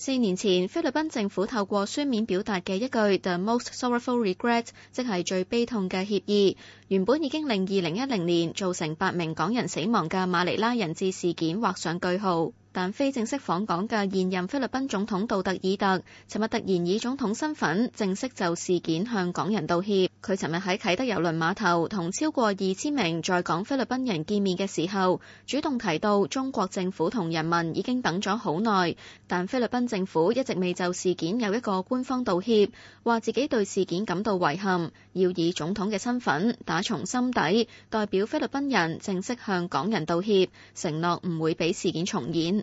四年前，菲律賓政府透過書面表達嘅一句 The most sorrowful regret，即係最悲痛嘅歉意。原本已經令2010年造成8名港人死亡嘅馬尼拉人質事件劃上句號，但非正式訪港嘅現任菲律賓總統杜特爾特尋日，突然以總統身份正式就事件向港人道歉。佢尋日喺啟德郵輪碼頭同超過2000名在港菲律賓人見面嘅時候，主動提到中國政府同人民已經等咗好耐，但菲律賓政府一直未就事件有一個官方道歉，話自己對事件感到遺憾，要以總統嘅身份打從心底，代表菲律賓人正式向港人道歉，承諾唔會俾事件重演。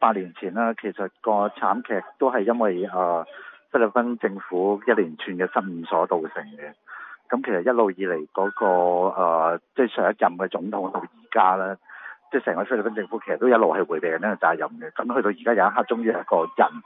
八年前啦，其實個慘劇都係因為誒、呃、菲律賓政府一連串嘅失誤所造成嘅。咁其實一路以嚟嗰、那個即係、呃就是、上一任嘅總統到而家啦，即係成個菲律賓政府其實都一路係回避緊呢個責任嘅。咁去到而家有一刻終於係一個人，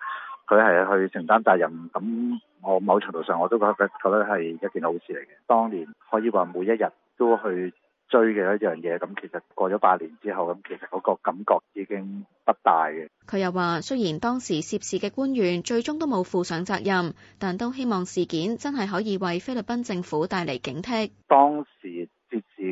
佢係去承擔責任。咁我某程度上我都覺得覺得係一件好事嚟嘅。當年可以話每一日都去追嘅一樣嘢，咁其實過咗八年之後，咁其實嗰個感覺已經不大嘅。佢又話，雖然當時涉事嘅官員最終都冇負上責任，但都希望事件真係可以為菲律賓政府帶嚟警惕。當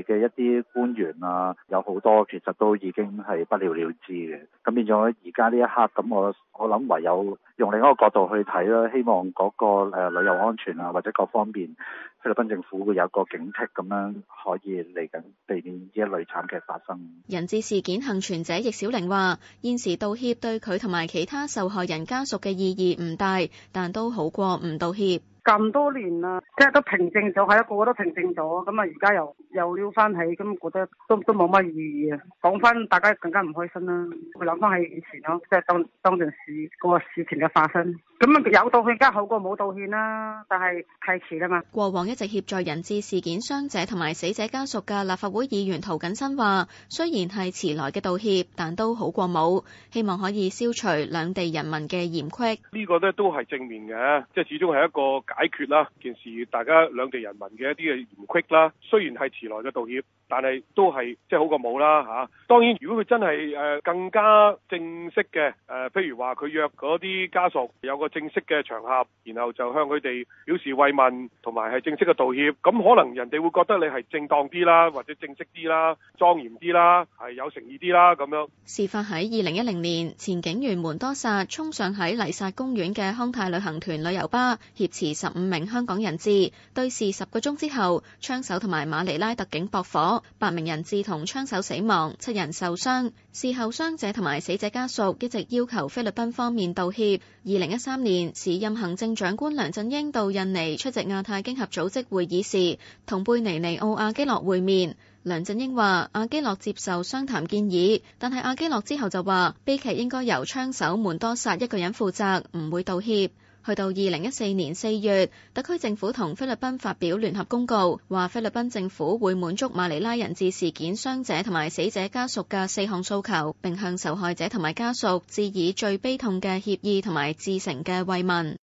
嘅一啲官員啊，有好多其實都已經係不了了之嘅，咁變咗而家呢一刻，咁我我諗唯有用另一個角度去睇啦，希望嗰個誒旅遊安全啊，或者各方面菲律賓政府會有個警惕咁樣，可以嚟緊避免呢一類慘劇發生。人質事件幸存者易小玲話：現時道歉對佢同埋其他受害人家屬嘅意義唔大，但都好過唔道歉。咁多年啦，即係都平靜咗，係一個個都平靜咗，咁啊，而家又又撩翻起，咁覺得都都冇乜意義啊！講翻大家更加唔開心啦，佢諗翻起以前咯，即係當當陣時個事情嘅發生。咁有道歉，梗係好過冇道歉啦，但係太遲啦嘛。過往一直協助人質事件傷者同埋死者家屬嘅立法會議員涂謹申話：雖然係遲來嘅道歉，但都好過冇，希望可以消除兩地人民嘅嫌隙。呢個咧都係正面嘅，即係始終係一個。解決啦件事，大家兩地人民嘅一啲嘅嫌隙啦。雖然係遲來嘅道歉，但係都係即係好過冇啦嚇。當然，如果佢真係誒、呃、更加正式嘅誒，譬、呃、如話佢約嗰啲家屬有個正式嘅場合，然後就向佢哋表示慰問同埋係正式嘅道歉，咁可能人哋會覺得你係正當啲啦，或者正式啲啦、莊嚴啲啦、係有誠意啲啦咁樣。事發喺二零一零年，前警員門多薩衝上喺黎薩公園嘅康泰旅行團旅遊巴，挾持。十五名香港人質對峙十個鐘之後，槍手同埋馬尼拉特警駁火，八名人質同槍手死亡，七人受傷。事後傷者同埋死者家屬一直要求菲律賓方面道歉。二零一三年，時任行政長官梁振英到印尼出席亞太經合組織會議時，同貝尼尼奧阿基諾會面。梁振英話：阿基諾接受商談建議，但係阿基諾之後就話悲劇應該由槍手門多薩一個人負責，唔會道歉。去到二零一四年四月，特區政府同菲律賓發表聯合公告，話菲律賓政府會滿足馬尼拉人質事件傷者同埋死者家屬嘅四項訴求，並向受害者同埋家屬致以最悲痛嘅歉意同埋至誠嘅慰問。